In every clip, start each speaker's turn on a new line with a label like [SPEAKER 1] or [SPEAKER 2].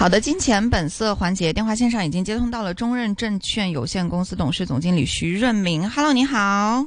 [SPEAKER 1] 好的，金錢本色環節，電話綫上已經接通到了中任證券有限公司董事總經理徐潤民。Hello，你好。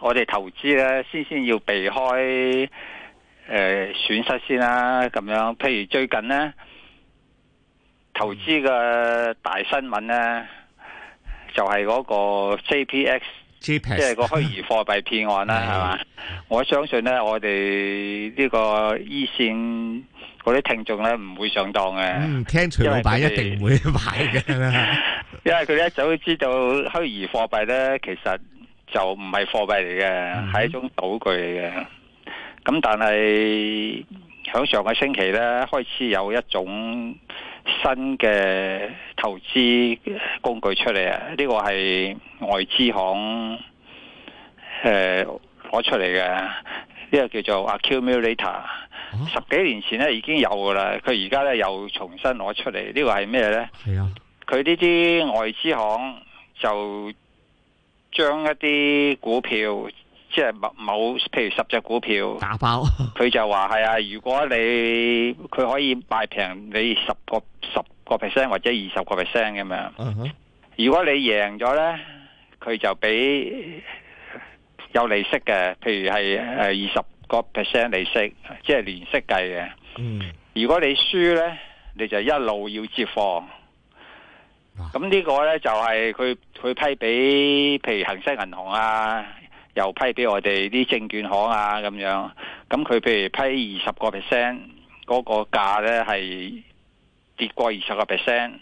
[SPEAKER 1] 我哋投資咧，先先要避開誒、呃、損失先啦。咁樣，譬如最近咧，投資嘅大新聞咧，就係、是、嗰個 J P X，即係個虛擬貨幣騙案啦，係嘛是。我相信咧，我哋呢個一、e、線嗰啲聽眾咧，唔會上當嘅、嗯。聽徐老闆一定唔會買嘅。因為佢 一早都知道虛擬貨幣咧，其實。就唔係貨幣嚟嘅，係、嗯、哼一種賭具嚟嘅。咁但係響上個星期咧，開始有一種新嘅投資工具出嚟啊！呢個係外資行誒攞、呃、出嚟嘅，呢個叫做 accumulator 十幾年前咧已經有噶啦，佢而家咧又重新攞出嚟。呢個係咩咧？係啊，佢呢啲外資行就。將一啲股票，即係某，譬如十隻股票打包爆，佢 就話係啊，如果你佢可以賣平你十個十個 percent 或者二十個 percent 咁樣，uh huh. 如果你贏咗呢，佢就俾有利息嘅，譬如係二十個 percent 利息，即係連息計嘅。Uh huh. 如果你輸呢，你就一路要接貨。咁呢個呢，就係佢佢批俾，譬如恒生銀行啊，又批俾我哋啲證券行啊，咁樣。咁佢譬如批二十個 percent，嗰個價呢係跌過二十個 percent，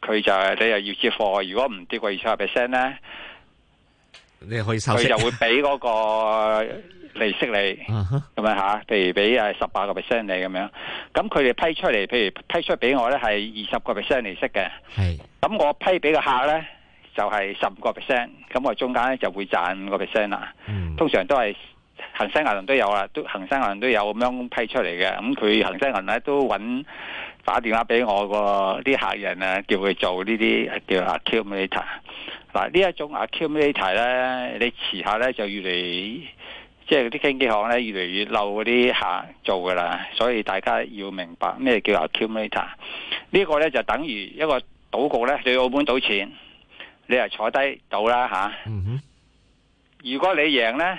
[SPEAKER 1] 佢就係你又要接貨。如果唔跌過二十個 percent 呢。你可以收佢就會俾嗰個利息你，咁樣吓，譬如俾誒十八個 percent 你咁樣，咁佢哋批出嚟，譬如批出俾我咧係二十個 percent 利息嘅，係咁我批俾個客咧就係十五個 percent，咁我中間咧就會賺五個 percent 啦。通常都係恒生銀行都有啦，都恒生銀行都有咁樣批出嚟嘅，咁佢恒生銀行咧都搵打電話俾我個啲客人啊，叫佢做呢啲叫 accumulator。嗱，呢一種 accumulator 咧，你遲下咧就越嚟即係嗰啲經紀行咧越嚟越漏嗰啲客做噶啦，所以大家要明白咩叫 accumulator。這個、呢個咧就等於一個賭局咧，你澳門賭錢，你係坐低賭啦吓、啊、嗯哼，如果你贏咧，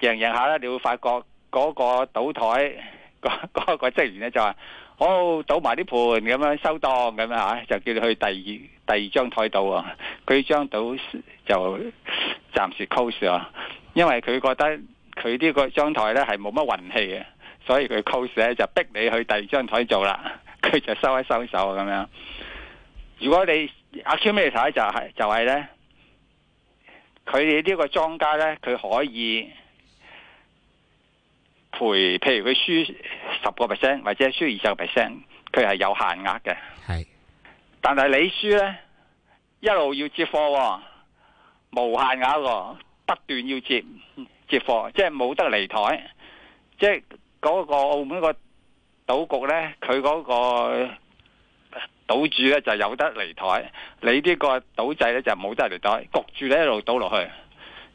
[SPEAKER 1] 贏贏下咧，你會發覺嗰個賭台嗰、嗰個職員咧就話。好、哦、倒埋啲盤咁樣收檔咁啊，就叫你去第二第二張台賭啊。佢張台就暫時 close 啊，因為佢覺得佢呢個張台呢係冇乜運氣嘅，所以佢 close 呢，就逼你去第二張台做啦。佢就收一收手咁樣。如果你 assume 嚟睇就係、是、就係、是、呢佢哋呢個莊家呢，佢可以。賠，譬如佢輸十個 percent，或者係輸二十個 percent，佢係有限額嘅。係是，但係你輸咧，一路要接貨，無限額個，不斷要接接貨，即係冇得離台。即係嗰個澳門個賭局咧，佢嗰個賭主咧就有得離台，你呢個賭制咧就冇得離台，焗住咧一路賭落去。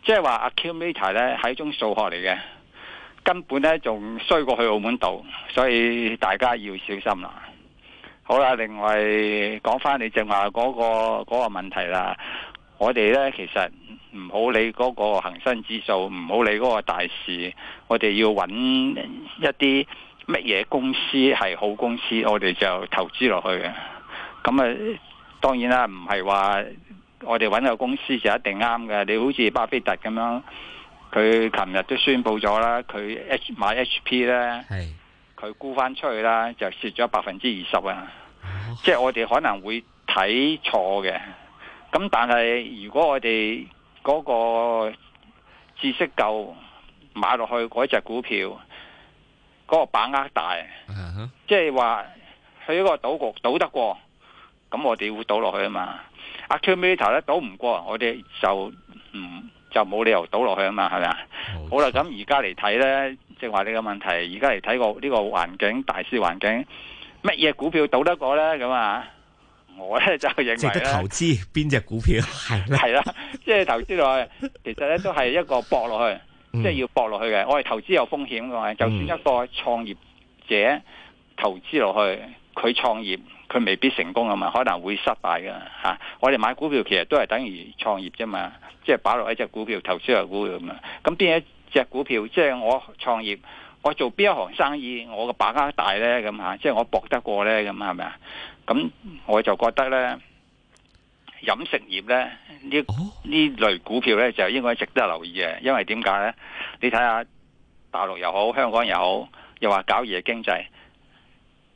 [SPEAKER 1] 即係話阿 Accumulator 咧係一種數學嚟嘅。根本咧仲衰過去澳門度，所以大家要小心啦。好啦，另外講翻你正話嗰個嗰個問題啦，我哋咧其實唔好理嗰個恒生指數，唔好理嗰個大市，我哋要揾一啲乜嘢公司係好公司，我哋就投資落去嘅。咁啊，當然啦，唔係話我哋揾個公司就一定啱嘅。你好似巴菲特咁樣。佢琴日都宣布咗啦，佢 H 買 HP 咧，佢沽翻出去啦，就蝕咗百分之二十啊！Uh huh. 即係我哋可能會睇錯嘅，咁但係如果我哋嗰個知識夠，買落去嗰隻股票嗰、嗰個把握大，uh huh. 即係話佢一個賭局賭得過，咁我哋會賭落去啊嘛。阿 Quantita 咧賭唔過，我哋就唔。就冇理由倒落去啊嘛，係咪啊？錯好啦，咁而家嚟睇呢，正話你個問題，而家嚟睇個呢個環境大市環境，乜嘢股票倒得過呢？咁啊，我呢就認為直接投資邊隻股票係啦，即係、就是、投資落去， 其實呢都係一個搏落去，即係、嗯、要搏落去嘅。我係投資有風險嘅，就算一個創業者投資落去，佢創業。佢未必成功啊嘛，可能會失敗噶吓、啊。我哋買股票其實都係等於創業啫嘛，即係擺落一隻股票投資入股票咁啊。咁邊一隻股票，即係、就是、我創業，我做邊一行生意，我嘅把握大呢？咁、啊、吓，即、就、係、是、我博得過呢？咁係咪啊？咁我就覺得呢飲食業呢呢呢類股票呢，就應該值得留意嘅，因為點解呢？你睇下大陸又好，香港又好，又話搞夜經濟，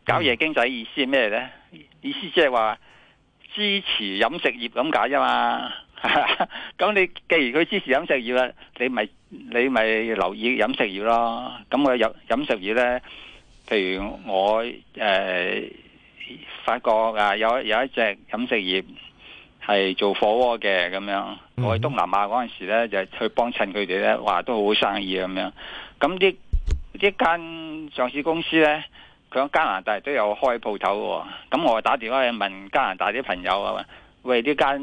[SPEAKER 1] 搞夜經濟，意思係咩呢？意思即係話支持飲食業咁解啫嘛，咁 你既然佢支持飲食業啦，你咪你咪留意飲食業咯。咁我飲飲食業咧，譬如我誒發覺啊有有一隻飲食業係做火鍋嘅咁樣，我喺東南亞嗰陣時咧就係、去幫襯佢哋咧，話都好生意咁樣。咁呢呢間上市公司咧。喺加拿大都有開鋪頭嘅，咁我打電話去問加拿大啲朋友，啊，喂，呢間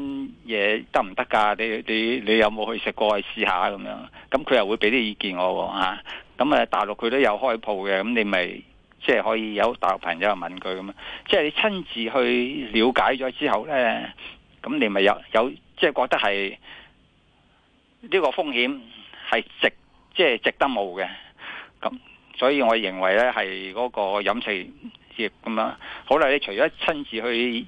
[SPEAKER 1] 嘢得唔得噶？你你你有冇去食過？去試下咁樣，咁佢又會俾啲意見我，吓，咁啊大陸佢都有開鋪嘅，咁你咪即係可以有大陸朋友問佢咁啊，即係你親自去了解咗之後呢，咁你咪有有即係覺得係呢個風險係值，即係值得冒嘅咁。所以我認為咧係嗰個飲食業咁樣，好啦，你除咗親自去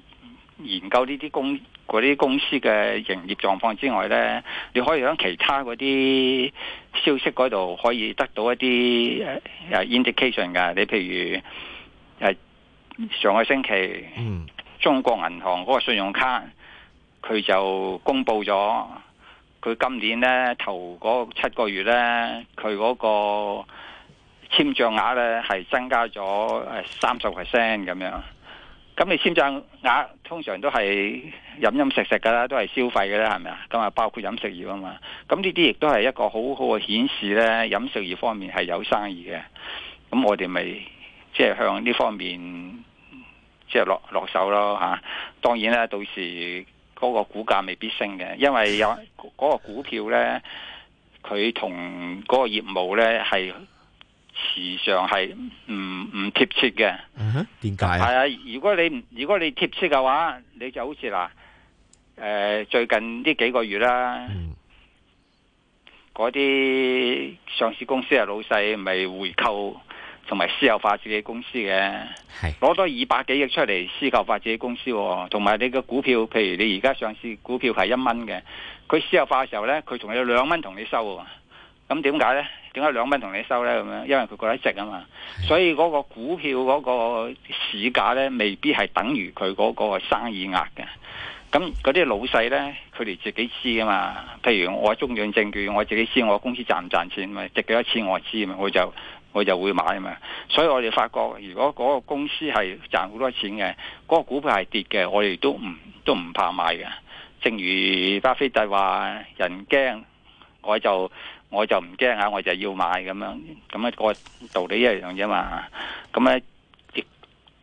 [SPEAKER 1] 研究呢啲公啲公司嘅營業狀況之外咧，你可以喺其他嗰啲消息嗰度可以得到一啲誒 indication 嘅。你譬如上個星期，中國銀行嗰個信用卡佢就公布咗，佢今年咧頭嗰七個月咧，佢嗰個簽賬額咧係增加咗誒三十 percent 咁樣，咁你簽賬額通常都係飲飲食食噶啦，都係消費噶啦，係咪啊？咁啊包括飲食業啊嘛，咁呢啲亦都係一個好好嘅顯示咧，飲食業方面係有生意嘅，咁我哋咪即係向呢方面即係、就是、落落手咯吓、啊。當然啦，到時嗰個股價未必升嘅，因為有嗰、那個股票咧，佢同嗰個業務咧係。是時常係唔唔貼切嘅，點解啊？係啊，如果你唔如果你貼切嘅話，你就好似嗱，誒、呃、最近呢幾個月啦，嗰啲、嗯、上市公司嘅老細咪回購同埋私有化自己公司嘅，係攞多二百幾億出嚟私有化自己公司喎，同埋你個股票，譬如你而家上市股票係一蚊嘅，佢私有化嘅時候呢，佢仲有兩蚊同你收啊！咁點解呢？點解兩蚊同你收呢？咁樣，因為佢覺得值啊嘛。所以嗰個股票嗰個市價呢，未必係等於佢嗰個生意額嘅。咁嗰啲老細呢，佢哋自己知啊嘛。譬如我中央證券，我自己知我公司賺唔賺錢嘛，值幾多錢，我知嘛，我就我就會買啊嘛。所以我哋發覺，如果嗰個公司係賺好多錢嘅，嗰個股票係跌嘅，我哋都唔都唔怕買嘅。正如巴菲特話：人驚，我就。我就唔驚吓，我就要買，咁樣，咁樣，嗰個道理一樣啫嘛。咁咧，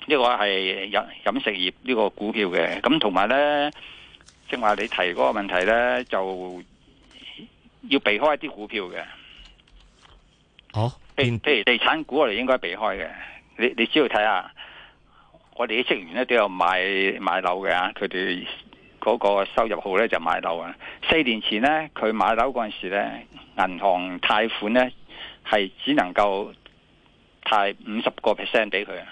[SPEAKER 1] 呢個係飲飲食業呢個股票嘅。咁同埋咧，正話你提嗰個問題咧，就要避開一啲股票嘅。哦、啊，譬如譬如地產股我哋應該避開嘅。你你只要睇下，我哋啲職員咧都有買買樓嘅，佢哋。嗰個收入好咧就買樓啊！四年前咧佢買樓嗰陣時咧，銀行貸款咧係只能夠貸五十個 percent 俾佢啊！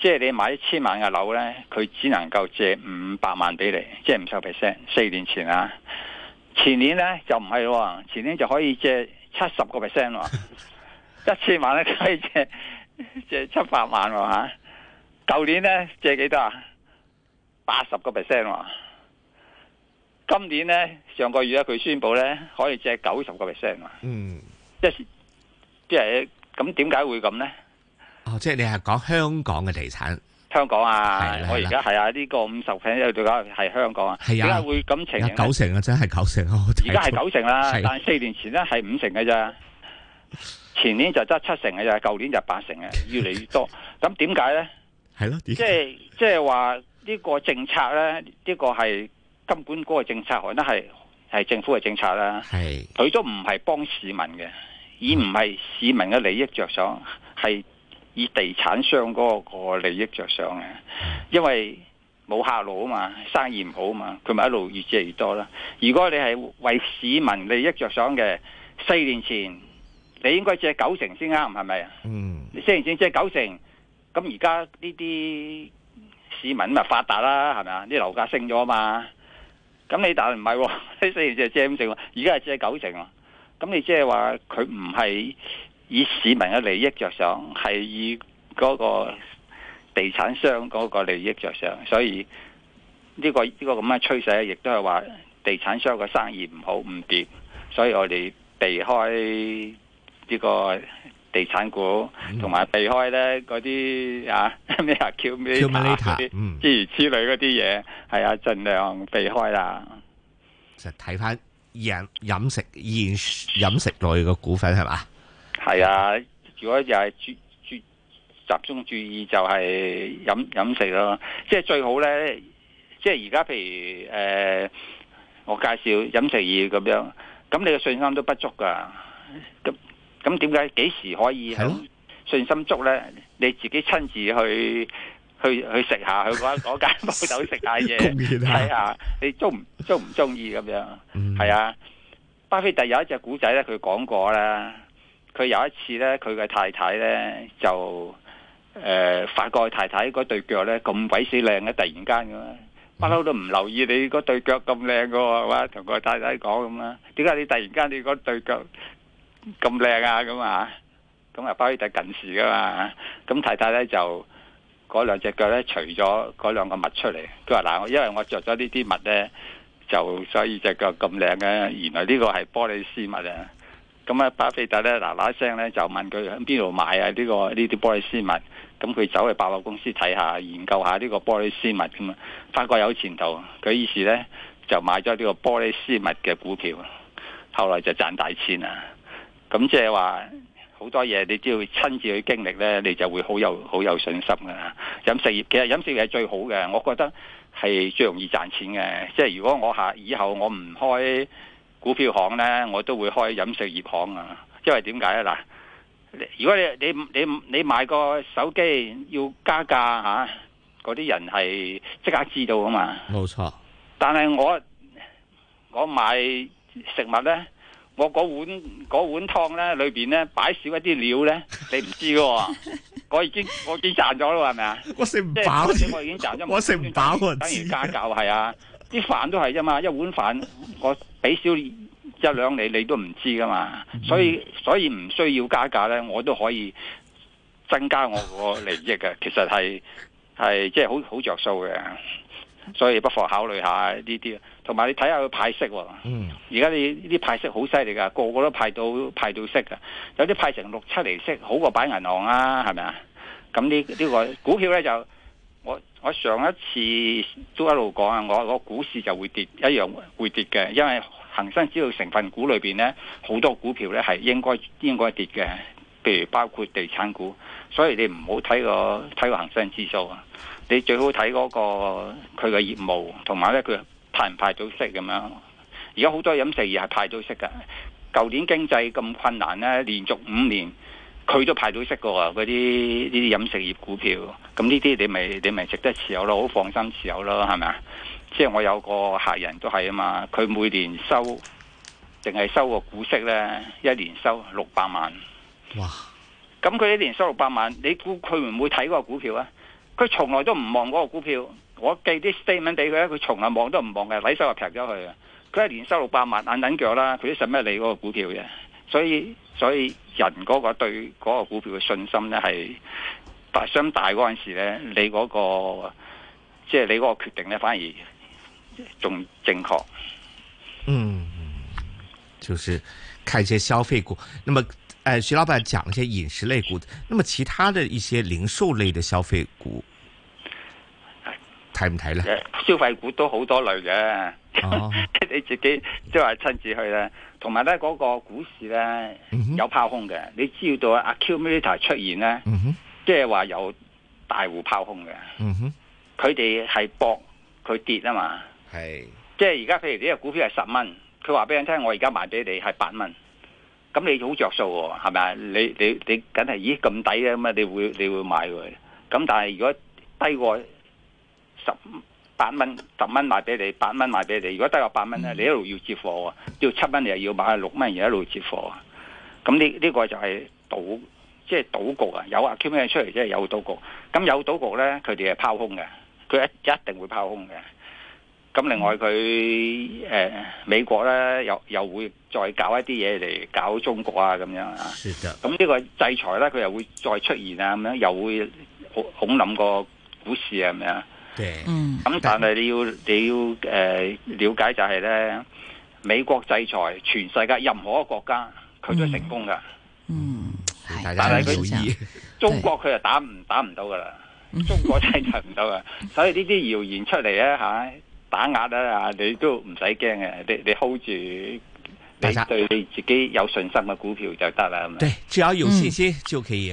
[SPEAKER 1] 即係你買一千萬嘅樓咧，佢只能夠借五百萬俾你，即係五十 percent。四年前啊，前年咧就唔係喎，前年就可以借七十個 percent 喎， 一千萬咧可以借借七百萬喎嚇。舊年咧借幾多啊？八十個 percent 喎。今年咧，上個月咧，佢宣布咧，可以借九十個 percent 啊。嗯，即係即係咁，點解會咁咧？哦，即係你係講香港嘅地產，香港啊，我而家係啊，呢個五十 percent 對唔住，係香港啊。係啊，點解會咁？成九成啊，真係九成啊！而家係九成啦，但係四年前咧係五成嘅咋。前年就得七成嘅咋，舊年就八成嘅，越嚟越多。咁點解咧？係咯，點解？即係即係話呢個政策咧，呢個係。根本嗰個政策可能係係政府嘅政策啦，係佢是都唔係幫市民嘅，而唔係市民嘅利益着想，係以地產商嗰個利益着想嘅，因為冇客路啊嘛，生意唔好啊嘛，佢咪一路越借越多啦。如果你係為市民利益着想嘅，四年前你應該借九成先啱，係咪？嗯，你四年前借九成，咁而家呢啲市民咪發達啦，係咪啊？啲樓價升咗啊嘛。咁你但係唔係喎，你即年就借五成，而家係借九成喎。咁你即係話佢唔係以市民嘅利益着想，係以嗰個地產商嗰個利益着想，所以呢個呢個咁嘅趨勢，亦都係話地產商嘅生意唔好唔掂。所以我哋避開呢個。地產股，同埋避開咧嗰啲啊咩啊，叫咩啊，諸如此類嗰啲嘢，係、嗯、啊，盡量避開啦。就睇翻飲飲食飲飲食類嘅股份係嘛？係啊，如果又係注注集中注意就係飲飲食咯，即係最好咧，即係而家譬如誒、呃，我介紹飲食業咁樣，咁你嘅信心都不足噶咁。咁點解幾時可以係信心足咧？你自己親自去去去食下，去嗰嗰間鋪頭食下嘢，睇下你中唔中唔中意咁樣？係啊！巴菲特有一隻古仔咧，佢講過啦。佢有一次咧，佢嘅太太咧就誒發覺太太嗰對腳咧咁鬼死靚嘅，突然間咁啦，不嬲都唔留意你嗰對腳咁靚嘅喎，係嘛？同個太太講咁啦。點解你突然間你嗰對腳？咁靚啊，咁啊，咁啊，巴菲特近視噶嘛？咁太太呢，就嗰兩隻腳呢，除咗嗰兩個襪出嚟，佢話嗱，因為我着咗呢啲襪呢，就所以隻腳咁靚嘅。原來呢個係玻璃絲襪啊！咁啊，巴菲特呢，嗱嗱聲呢，就問佢喺邊度買啊？呢、這個呢啲玻璃絲襪，咁佢走去百貨公司睇下，研究下呢個玻璃絲襪咁啊。發覺有前途，佢意思呢，就買咗呢個玻璃絲襪嘅股票，後來就賺大錢啊！咁即係話好多嘢，你只要親自去經歷呢，你就會好有好有信心噶啦。飲食業，其實飲食業係最好嘅，我覺得係最容易賺錢嘅。即係如果我下以後我唔開股票行呢，我都會開飲食業行啊。因為點解呢？嗱，如果你你你你買個手機要加價吓，嗰啲人係即刻知道噶嘛。冇錯。但係我我買食物呢。我嗰碗嗰碗湯咧，裏邊咧擺少一啲料咧，你唔知嘅。 我已經我已經賺咗咯，係咪啊？我食唔飽，我食唔飽，等於加價，係啊。啲飯都係啫嘛，一碗飯我俾少一兩，你你都唔知噶嘛，嗯，所。所以所以唔需要加價咧，我都可以增加我個利益嘅。其實，係係即係好好着數嘅，所以不妨考慮下呢啲。同埋你睇下佢派息、哦，而家你呢啲派息好犀利噶，個個都派到派到息噶，有啲派成六七厘息，好過擺銀行啊，係咪啊？咁、這個這個、呢呢個股票咧就，我我上一次都一路講啊，我我、那個、股市就會跌，一樣會跌嘅，因為恆生指數成分股裏邊咧好多股票咧係應該應該跌嘅，譬如包括地產股，所以你唔好睇個睇個恆生指數啊，你最好睇嗰、嗰個佢嘅業務，同埋咧佢。派唔派到息咁樣，而家好多飲食業係派到息㗎。舊年經濟咁困難咧，連續五年佢都派到息噶。嗰啲呢啲飲食業股票，咁呢啲你咪你咪值得持有咯，好放心持有咯，係咪啊？即係我有個客人都係啊嘛，佢每年收定係收個股息咧，一年收六百萬。哇！咁佢一年收六百萬，你估佢唔會睇嗰個股票啊？佢從來都唔望嗰個股票。我寄啲 statement 俾佢咧，佢從來望都唔望嘅，底收入劈咗佢啊！佢係年收六百萬，眼等腳啦，佢都食咩你嗰個股票嘅？所以所以人嗰個對嗰個股票嘅信心咧，係大相大嗰陣時咧，你嗰、那個即係、就是、你嗰個決定咧，反而仲正確。嗯，就是看一些消費股。那麼誒、呃，徐老闆講一些飲食類股，那麼其他的一些零售類的消費股。睇唔睇咧？看看消費股都好多類嘅，哦、 你自己即係話親自去咧。同埋咧嗰個股市咧、嗯、哼有拋空嘅，你知道到阿 q u a i t 出現咧，即係話有大戶拋空嘅。佢哋係搏佢跌啊嘛。係即係而家譬如啲股票係十蚊，佢話俾人聽我而家賣俾你係八蚊，咁你好着數喎，係咪啊？你你你緊係咦咁抵嘅咁啊？你會你會買㗎？咁但係如果低過？十八蚊十蚊賣俾你，八蚊賣俾你。如果得個八蚊咧，你一路要接貨啊，嗯、要七蚊你又要買六蚊，而一路接貨啊。咁呢呢個就係賭，即係賭局啊。有阿 Q 出嚟，即係有賭局。咁有賭局咧，佢哋係拋空嘅，佢一一定會拋空嘅。咁另外佢誒、嗯呃，美國咧又又會再搞一啲嘢嚟搞中國啊，咁樣啊。咁呢的個制裁咧，佢又會再出現啊，咁樣又會恐恐諗個股市啊，係咪啊？對嗯，咁但係你要但你要誒、呃、了解，就係咧，美國制裁，全世界任何一個國家，佢、嗯、都成功噶。嗯，但係佢常中國佢就打唔打唔到噶啦，嗯、中國制裁唔到噶 所以呢啲謠言出嚟啊吓，打壓得啊，你都唔使驚嘅，你你 hold 住，
[SPEAKER 2] 你
[SPEAKER 1] 對你自己有信心嘅股票就得啦。對，只要有信心就可以。